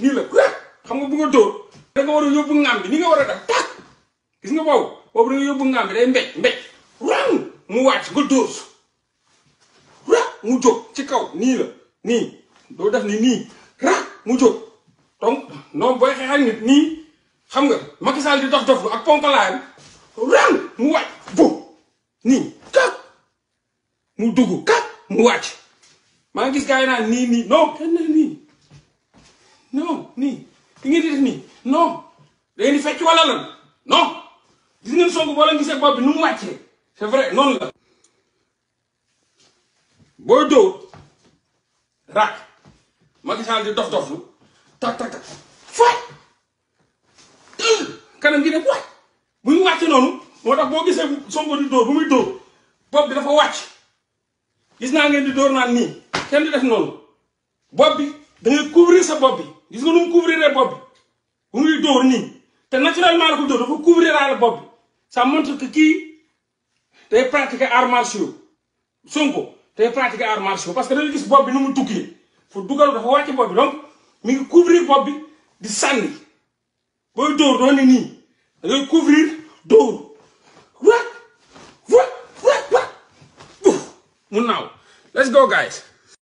nii la ah, xam nga bu nga dóor da war a yóbbu ngam bi ni nga war a def tak gis nga boobu boobu da nga yóbbu ngam bi day mbéj mbéj rang mu wàcc nga dóor ra mu jóg ci kaw nii la nii doo def ni nii ra mu jóg donc noonu booy xeex nii xam nga Macky Sall ak ponkalaayam rang mu wàcc kak mu dugg kak mu wàcc maa ngi gis gars yi naan nii nii non kenn nii non nii ki ngeen di def nii non da ngeen di fecc wala lan non gis ngeen Sonko boo leen bi nu mu wàccee c'est noonu la booy dóor rak Macky Sall di dof doflu tak tak tak faaj kanam gi ne waaj bu ñu wàcce noonu moo tax boo gisee Sonko di dóor bu muy dóor bopp bi dafa wàcc gis naa ngeen di dóor naan nii kenn di def noonu bopp bi da ngay couvrir sa bopp bi gis nga nu mu couvrir bopp bi bu muy dóor nii te naturellement la ko dóor dafa couvrir la bopp bi ça montre que kii day pratiquer arts martiaux Sonko day pratiquer arts martiaux parce que da nga gis bopp bi nu mu tukkee fu dugal dafa wàcc bopp bi donc mi ngi couvrir bopp bi di sànni booy dóor doo ne nii da ngay couvrir dóor wa wa wa wa mun naaw let's go